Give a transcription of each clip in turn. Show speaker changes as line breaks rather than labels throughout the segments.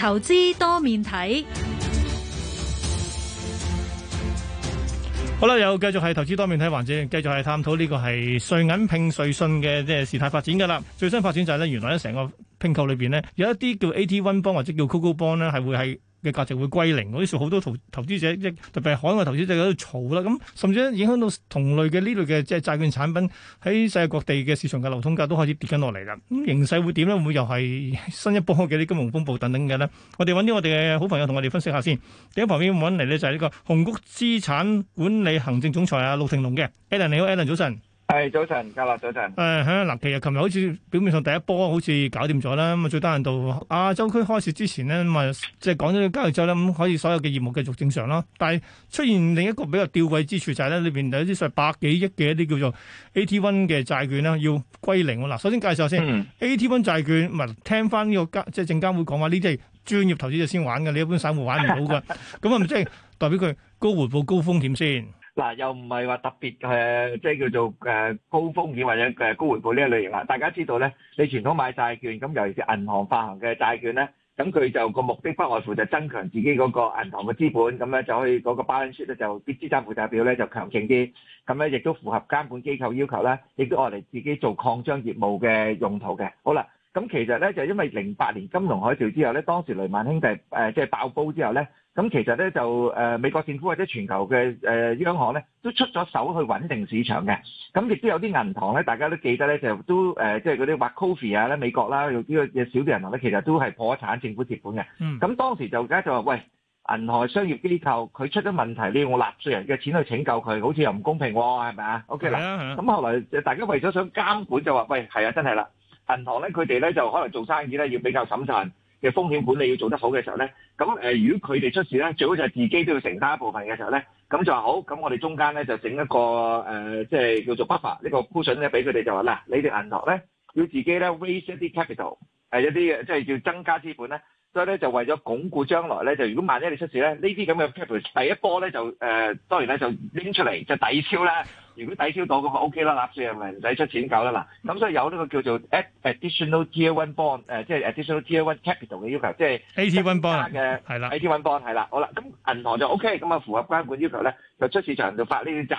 投資多面睇，
好啦，又繼續係投資多面睇環節，繼續係探討呢個係瑞銀拼瑞信嘅即係事態發展噶啦。最新發展就係、是、咧，原來咧成個併購裏邊咧，有一啲叫 AT1 bond 或者叫 CoCo bond 咧，係會係。嘅價值會歸零，嗰啲算好多投投資者，一特別係海外投資者喺度吵啦，咁甚至影響到同類嘅呢類嘅即係債券產品喺世界各地嘅市場嘅流通價都開始跌緊落嚟啦。咁形勢會點咧？會唔會又係新一波嘅啲金融風暴等等嘅咧？我哋揾啲我哋嘅好朋友同我哋分析一下先。喺旁邊揾嚟咧就係呢個紅谷資產管理行政總裁啊，陸庭龍嘅 Alan，你好，Alan 早晨。係、嗯、早晨，格立早晨。誒，吓嗱，其實琴日好似表面上第一波好似搞掂咗啦，咁啊最低限度亞洲區開市之前咧，咁啊即係講咗啲交易之後啦，咁可以所有嘅業務繼續正常啦。但係出現另一個比較吊詭之處就係、是、咧，裏邊有一啲上百幾億嘅一啲叫做 AT1 嘅債券啦，要歸零。嗱，首先介紹先、嗯、下，AT1 債券，咪聽翻、這、呢個即係證監會講話，呢啲係專業投資者先玩嘅，你一般散戶玩唔到噶。咁啊，即係代表佢高回報高風險先。
嗱、啊，又唔係話特別、啊、即係叫做誒高風險或者誒高回報呢一類型啦。大家知道咧，你傳統買債券，咁尤其是銀行、發行嘅債券咧，咁佢就個目的不外乎就增強自己嗰個銀行嘅資本，咁咧就可以嗰個 balance sheet 咧就啲資產負債表咧就強勁啲，咁咧亦都符合監管機構要求啦，亦都愛嚟自己做擴張業務嘅用途嘅。好啦，咁其實咧就因為零八年金融海嘯之後咧，當時雷曼兄弟即係爆煲之後咧。咁其實咧就誒、呃、美國政府或者全球嘅誒、呃、央行咧都出咗手去穩定市場嘅，咁亦都有啲銀行咧大家都記得咧就都誒、呃、即係嗰啲挖 Coffee 啊咧美國啦有呢個嘅小啲銀行咧其實都係破產政府接管嘅，咁、嗯、當時就而家就話喂，銀行商業機構佢出咗問題，你要我納稅人嘅錢去拯救佢，好似又唔公平喎，係咪啊？OK 啦，咁、啊、後來大家為咗想監管就話喂，係啊真係啦，銀行咧佢哋咧就可能做生意咧要比較審慎。嘅風險管理要做得好嘅時候咧，咁誒，如果佢哋出事咧，最好就係自己都要承擔一部分嘅時候咧，咁就話好，咁我哋中間咧就整一個誒，即係叫做 buffer 呢個 cushion 咧，俾佢哋就話嗱，你哋銀行咧要自己咧 raise 一啲 capital，係一啲即係叫增加資本咧。所以咧就為咗鞏固將來咧，就如果萬一你出事咧，呢啲咁嘅 capital 第一波咧就誒、呃、當然咧就拎出嚟就抵消啦。如果抵消到咁啊 OK 啦，所以咪唔使出錢搞啦嗱。咁所以有呢個叫做 additional tier one bond 誒、呃，即、就、係、是、additional tier one capital 嘅要求，即係 AT1 bond 嘅係啦，AT1 bond 係啦，好啦，咁銀行就 OK 咁啊符合監管要求咧，就出市場就發呢啲債。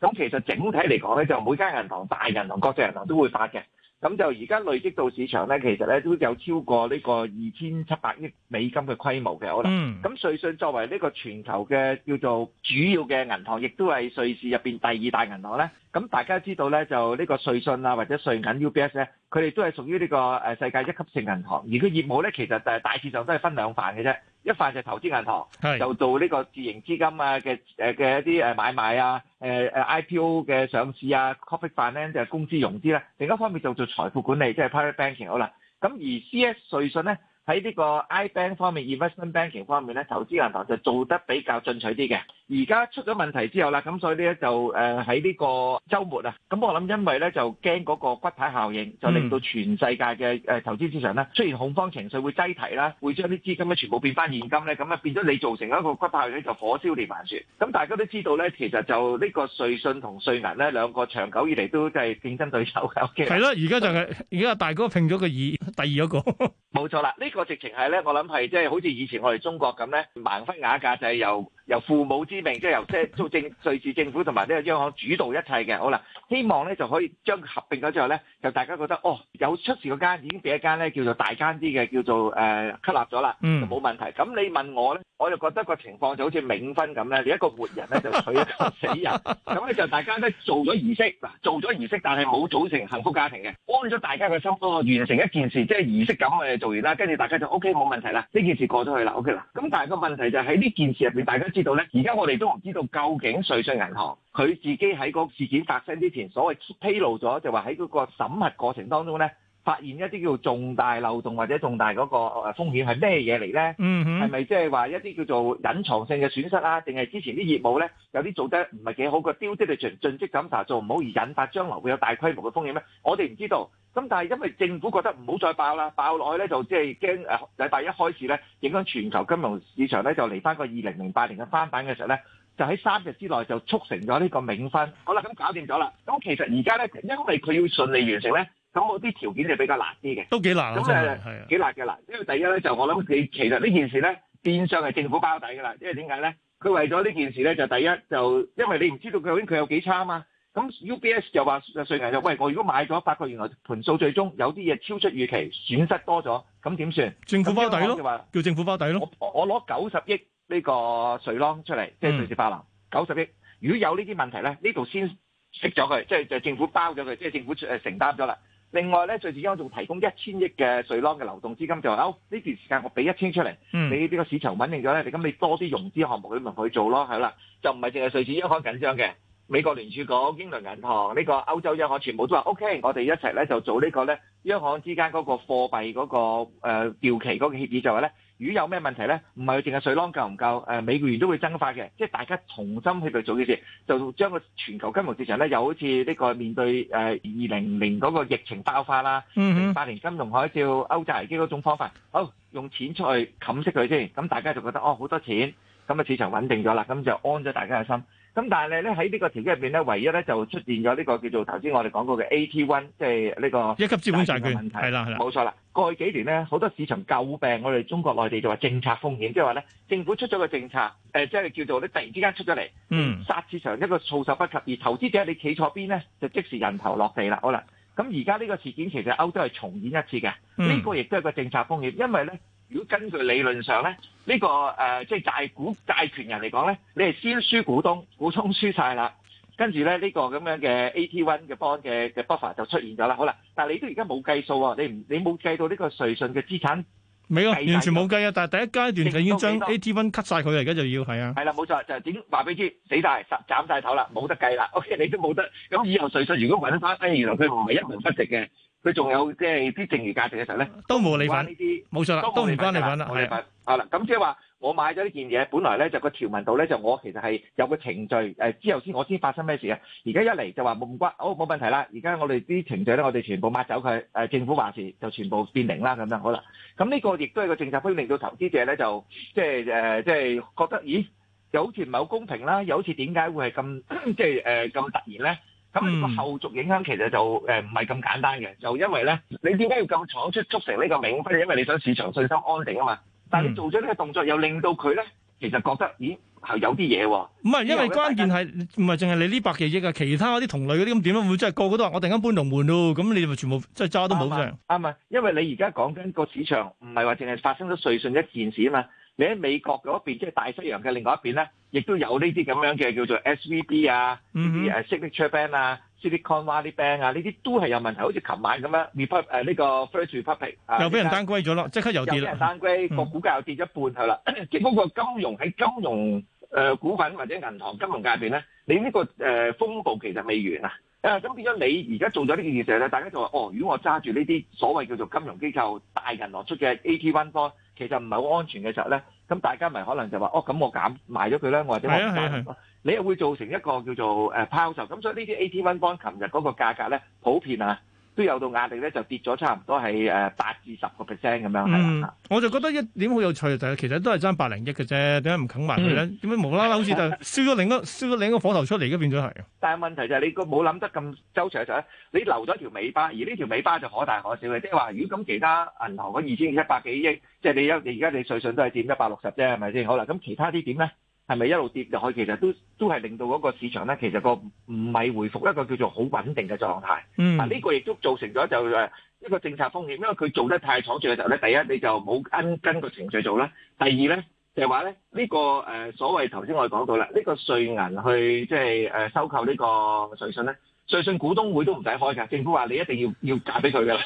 咁其實整體嚟講咧，就每間銀行、大銀行、國際銀行都會發嘅。咁就而家累積到市場咧，其實咧都有超過呢個二千七百億美金嘅規模嘅，我諗、嗯。咁瑞信作為呢個全球嘅叫做主要嘅銀行，亦都係瑞士入邊第二大銀行咧。咁大家知道咧，就呢個瑞信啊或者瑞銀 UBS 咧，佢哋都係屬於呢個誒世界一級性銀行。而佢業務咧，其實就大致上都係分兩範嘅啫。一塊就投資銀行，是就做呢個自營資金啊嘅誒嘅一啲誒買賣啊，啊，IPO 嘅上市啊 corporate finance 咧就公司融資啦。另一方面就做財富管理，即係 private banking 好啦。咁而 C S 瑞信咧喺呢個 I bank 方面、investment banking 方面咧，投資銀行就做得比較進取啲嘅。而家出咗問題之後啦，咁所以咧就誒喺呢個週末啊，咁我諗因為咧就驚嗰個骨牌效應，就令到全世界嘅投資市場咧出現恐慌情緒，會擠提啦，會將啲資金咧全部變翻現金咧，咁咧變咗你造成一個骨牌效應，就火燒連環船。咁大家都知道咧，其實就呢個瑞信同瑞銀咧兩個長久以嚟都即係競爭對手嘅。係
啦，而家就係而家大哥拼咗個二第二嗰、嗰個。
冇 錯啦，呢、呢個直情係咧，我諗係即係好似以前我哋中國咁咧，盲婚啞嫁就係由。由父母之命，即係由即係做政瑞士政府同埋呢個央行主導一切嘅，好啦，希望咧就可以將佢合併咗之後咧，就大家覺得哦，有出事嗰間已經畀一間咧叫做大間啲嘅，叫做呃吸納咗啦，就冇問題。咁、嗯、你問我咧，我就覺得個情況就好似冥婚咁咧，你一個活人咧就娶一個死人，咁咧 就大家咧做咗儀式，嗱做咗儀式，但係冇組成幸福家庭嘅，安咗大家嘅心。哦，完成一件事，即係儀式咁我哋做完啦，跟住大家就 O K 冇問題啦，呢件事過咗去啦，O K 啦。咁、OK、但係個問題就喺呢件事入面。大家。知道咧，而家我哋都唔知道究竟瑞信銀行佢自己喺個事件發生之前，所謂披露咗就話喺嗰個審核過程當中咧。發現一啲叫做重大漏洞或者重大嗰個誒風險係咩嘢嚟咧？嗯哼、嗯，係咪即係話一啲叫做隱藏性嘅損失啊？定係之前啲業務咧有啲做得唔係幾好，個盡職審查做，唔好而引發將來會有大規模嘅風險咧？我哋唔知道。咁但係因為政府覺得唔好再爆啦，爆落去咧就即係驚禮拜一開始咧影響全球金融市場咧就嚟翻個二零零八年嘅翻版嘅時候咧，就喺三日之內就促成咗呢個冥婚。好啦，咁、嗯、搞掂咗啦。咁其實而家咧，因為佢要順利完成咧。咁我啲條件就比較難啲嘅，都幾難嘅。咁係幾難嘅啦的因為第一咧，就我諗你其實呢件事咧，變相係政府包底㗎啦。因為點解咧？佢為咗呢件事咧，就第一就因為你唔知道究竟佢有幾差啊嘛。咁 UBS 就話瑞銀就喂，我如果買咗發覺原來盤數最終有啲嘢超出預期，損失多咗，咁點算？政府包底咯，就叫政府包底咯。我攞九十億呢個瑞郎出嚟，即係瑞士包埋九十億。如果有呢啲問題咧，呢度先蝕咗佢，即係就是、政府包咗佢，即、就、係、是、政府承擔咗啦。另外咧，瑞士央行仲提供一千億嘅稅劏嘅流動資金，就話，呢、哦、段時間我俾一千出嚟，嗯、你呢個市場穩定咗咧，咁你，你多啲融資項目，你咪去做咯，係啦，就唔係淨係瑞士央行緊張嘅，美國聯儲局、英倫銀行呢個歐洲央行全部都話 OK，我哋一齊咧就做個呢個咧，央行之間嗰個貨幣嗰個調、呃、期嗰個協議就係咧。魚有咩問題咧？唔係淨係水浪夠唔夠？誒美元都會增發嘅，即係大家重新去度做嘅事，就將個全球金融市場咧，又好似呢個面對誒二零零嗰個疫情爆發啦，零八年金融海嘯、歐債危機嗰種方法，好用錢出去冚息佢先。咁大家就覺得哦好多錢，咁啊市場穩定咗啦，咁就安咗大家嘅心。咁但係咧，喺呢個條件入面咧，唯一咧就出現咗呢個叫做頭先我哋講過嘅 AT1，即係呢個問題一級資本債券，係啦，係啦，冇錯啦。過去幾年咧，好多市場詬病，我哋中國內地就話政策風險，即係話咧，政府出咗個政策，呃、即係叫做咧，突然之間出咗嚟，殺市場一個措手不及，而投資者你企錯邊咧，就即時人頭落地啦。好啦，咁而家呢個事件其實歐洲係重演一次嘅，呢、嗯、個亦都係個政策風險，因為咧。如果根據理論上咧，呢、這個誒、呃、即係債股債權人嚟講咧，你係先輸股東，股東輸晒啦，跟住咧呢、這個咁樣嘅 AT1 嘅 bond 嘅嘅 buffer 就出現咗啦。好啦，但你都而家冇計數喎、哦，你唔你冇計到呢個瑞信嘅資產，
未啊，完全冇計啊。但第一階段就已經將 AT1 cut 曬佢，而家就要係啊，係
啦、啊，冇錯，就點話俾你知死大，斬斬曬頭啦，冇得計啦。O.K. 你都冇得，咁以後瑞信如果搵返，翻、哎，誒原來佢唔係一文不值嘅。佢仲有即係啲剩餘價值嘅時候咧，都冇你返呢啲，
冇錯啦，都唔關你離啦，冇離返。
係啦，咁即係話我買咗呢件嘢，的本來咧就個條文度咧就我其實係有個程序、呃、之後先我先發生咩事啊？而家一嚟就話冇唔好冇問題啦。而家我哋啲程序咧，我哋全部抹走佢、呃、政府話事就全部變零啦咁樣，好啦。咁呢個亦都係個政策，可以令到投資者咧就即係即係覺得咦，又好似唔係好公平啦，又好似點解會係咁即係咁突然咧？咁個、嗯、後續影響其實就誒唔係咁簡單嘅，就因為咧，你點解要咁闖出促成呢個永輝？因為你想市場信心安定啊嘛。但係你做咗呢個動作，又令到佢咧其實覺得咦係有啲嘢喎。唔係，因為
關鍵係唔係淨係你呢百幾億啊？其他嗰啲同類嗰啲咁點樣？會真係個個都話我突然間搬龍門咯？咁你咪全部即係揸都冇上
啱啊！因為你而家講緊個市場唔係話淨係發生咗瑞信一件事啊嘛。你喺美國嗰邊，即、就、係、是、大西洋嘅另外一邊咧，亦都有呢啲咁樣嘅叫做 S V B 啊，呢啲誒 Signature bank 啊，Silicon Valley bank 啊，呢啲都係有問題，好似琴晚咁樣 repub 呢、啊這個 First Republic、啊、又俾人 downgrade
咗咯，即刻又跌啦。又俾
人 downgrade，個股價又跌一半去啦。 只不過金融喺金融、呃、股份或者銀行金融界入面咧，你呢、這個誒、呃、風暴其實未完啊！啊咁變咗，你而家做咗呢件事咧，大家就話哦，如果我揸住呢啲所謂叫做金融機構大銀落出嘅 AT One bond。其實唔係好安全嘅時候咧，咁大家咪可能就話，哦，咁我減賣咗佢咧，或者我唔買、啊啊啊、你又會造成一個叫做誒、呃、拋售，咁所以呢啲 AT1 bond 琴日嗰個價格咧，普遍啊。都有到壓力咧，就跌咗差唔多係誒八至十個 percent 咁樣。嗯，是我就覺得一
點好有趣就係其實都係爭百零億嘅啫，點解唔肯還佢咧？點解、嗯、無啦啦好似就燒咗另一個燒咗 另一個火頭出嚟嘅變咗係。
但係問題就係你個冇諗得咁周詳就係你留咗條尾巴，而呢條尾巴就可大可小嘅。即係話如果咁其他銀行嗰二千一百幾億，即係你有你稅而家你稅上都係佔一百六十啫，係咪先？好啦，咁其他啲點咧？係咪一路跌落去？其實都都係令到嗰個市場咧，其實個唔係回復一個叫做好穩定嘅狀態。嗱、嗯，呢個亦都造成咗就誒一個政策風險，因為佢做得太倉促嘅時候咧，第一你就冇跟跟個程序做啦，第二咧就係話咧呢個誒所謂頭先我哋講到啦，呢個瑞銀去即係誒收購呢個瑞信咧。瑞信股東會都唔使開㗎，政府話你一定要要
嫁俾佢㗎。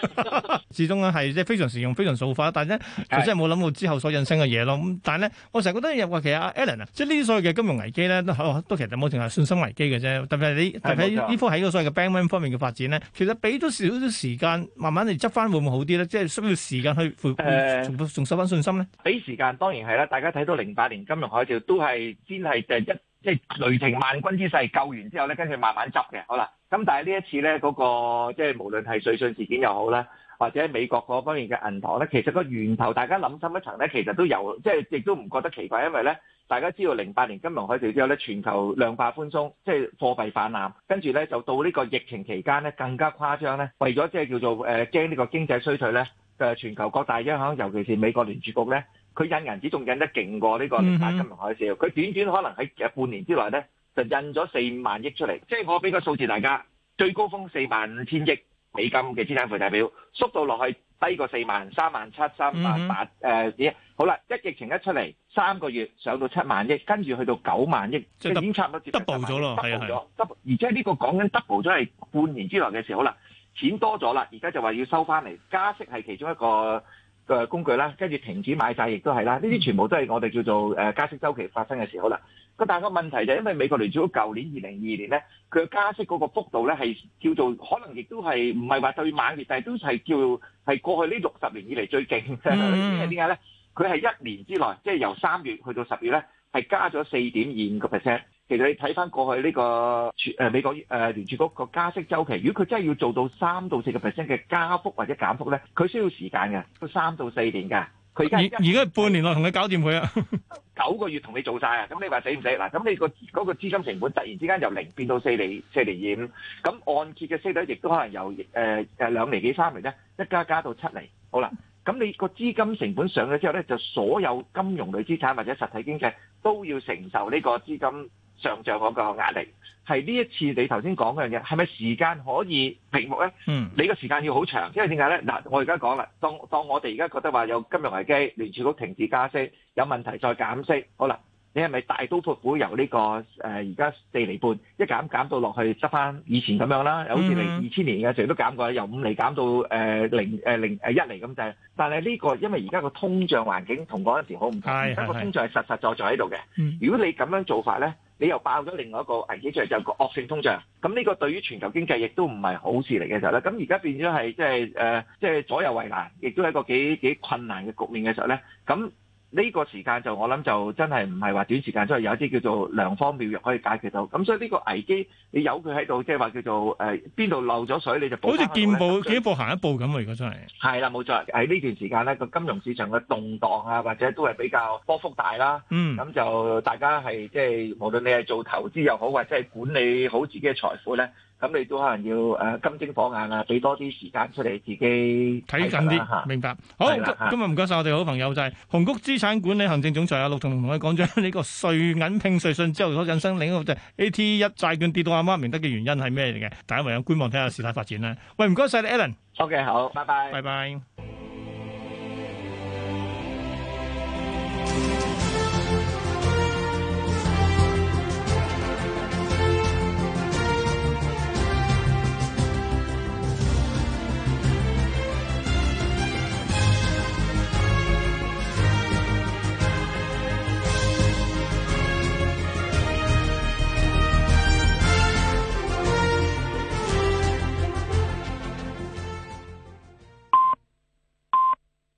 始終咧係即係非常時用、非常數法，但係咧，的真先冇諗到之後所引申嘅嘢咯。咁但係咧，我成日覺得入話其實阿 Alan 啊，即係呢啲所謂嘅金融危機咧，都都其實冇淨係信心危機嘅啫。特別係你，的特呢科喺個所謂嘅 bank run 方面嘅發展咧，其實俾咗少少時間慢慢嚟執翻，會唔會好啲咧？即係需要時間去會、呃、回重收翻信心咧？
俾時間當然係啦，大家睇到零八年金融海嘯都係先係一。即係雷霆萬鈞之勢救完之後咧，跟住慢慢執嘅，好啦。咁但係呢一次咧，嗰個即係無論係瑞信事件又好啦，或者美國嗰方面嘅銀行咧，其實個源頭大家諗深一層咧，其實都有，即係亦都唔覺得奇怪，因為咧，大家知道零八年金融海嘯之後咧，全球量化寬鬆，即係貨幣氾濫，跟住咧就到呢個疫情期間咧，更加誇張咧，為咗即係叫做誒驚呢個經濟衰退咧就係全球各大央行，尤其是美國聯儲局咧。佢印銀紙仲印得勁過呢個零八金融海嘯，佢、嗯、哼短短可能喺半年之內咧，就印咗四萬億出嚟。即係我俾個數字大家，最高峰四萬五千億美金嘅資產負債表，縮到落去低過四萬、三萬七、嗯哼、三萬八誒，好啦，一疫情一出嚟，三個月上到七萬億，跟住去到九萬億，即係已經差唔多接近，double 咗咯，係係 double 咗，而且呢個講緊 double 咗係半年之內嘅時候，好啦，錢多咗啦，而家就話要收翻嚟，加息係其中一個。嘅工具啦，跟住停止買債，亦都係啦，呢啲全部都係我哋叫做誒加息周期發生嘅時候啦。咁但係個問題就係，因為美國聯儲局舊年二零二二年咧，佢嘅加息嗰個幅度咧係叫做可能亦都係唔係話最猛烈，但係都係叫係過去呢六十年以嚟最勁嘅，係點解咧？佢係一年之內，即係由三月去到十月咧，係加咗四點二五個 percent。其實你睇翻過去呢、個、呃、美國誒聯儲局個加息周期，如果佢真係要做到三到四個 percent 嘅加幅或者減幅咧，佢需要時間嘅，都三到四年㗎。佢而家而家半年內同你搞掂佢啊，九 個月同你做晒啊！咁你話死唔死？嗱，咁你個嗰個資金成本突然之間由零變到四厘、四厘二五，咁按揭嘅息率亦都可能由誒誒兩厘幾三厘咧，一加加到七厘。好啦，咁你個資金成本上咗之後咧，就所有金融類資產或者實體經濟都要承受呢個資金。上漲嗰個壓力係呢一次你頭先講嘅嘢，係咪時間可以平緩咧？嗯，你個時間要好長，因為點解咧？嗱，我而家講啦，當當我哋而家覺得話有金融危機，聯儲局停止加息，有問題再減息，好啦，你係咪大刀闊斧由呢、呢個誒而家四厘半一減減到落去執翻以前咁樣啦？好似你二千年嘅時都減過，嗯、由五厘減到誒零誒零誒一厘咁滯。但係呢、呢個因為而家個通脹環境同嗰陣時好唔同，而個、哎、呀通脹係實實在在喺度嘅。嗯、如果你咁樣做法咧？你又爆咗另外一個危機出嚟，就係個惡性通脹，咁呢個對於全球經濟亦都唔係好事嚟嘅時候咧，咁而家變咗係即係誒，即係左右為難，亦都係一個幾幾困難嘅局面嘅時候咧，咁。呢個時間就我諗就真係唔係話短時間，即係有一啲叫做良方妙藥可以解決到。咁所以呢個危機，你有佢喺度，即係話叫做誒邊度漏咗水你就補。好似見步
樣幾一步行一步咁啊！而家真
係。係啦，冇錯。喺呢段時間咧，個金融市場嘅動蕩啊，或者都係比較波幅大啦。嗯。咁就大家係即係無論你係做投資又好，或者係管理好自己嘅財富咧。咁你都可能要誒金睛火眼啊，俾多啲時間出嚟自己睇、啊、緊啲，
明白？好，今日唔該晒我哋好朋友就係紅谷資產管理行政總裁阿陸同同佢講咗呢個瑞銀併瑞信之後所引申另一個就係 AT1 債券跌到阿媽明得嘅原因係咩嚟嘅？大家唯有觀望睇下事態發展啦。喂，唔該晒你，Allen。OK，好，拜拜，拜拜。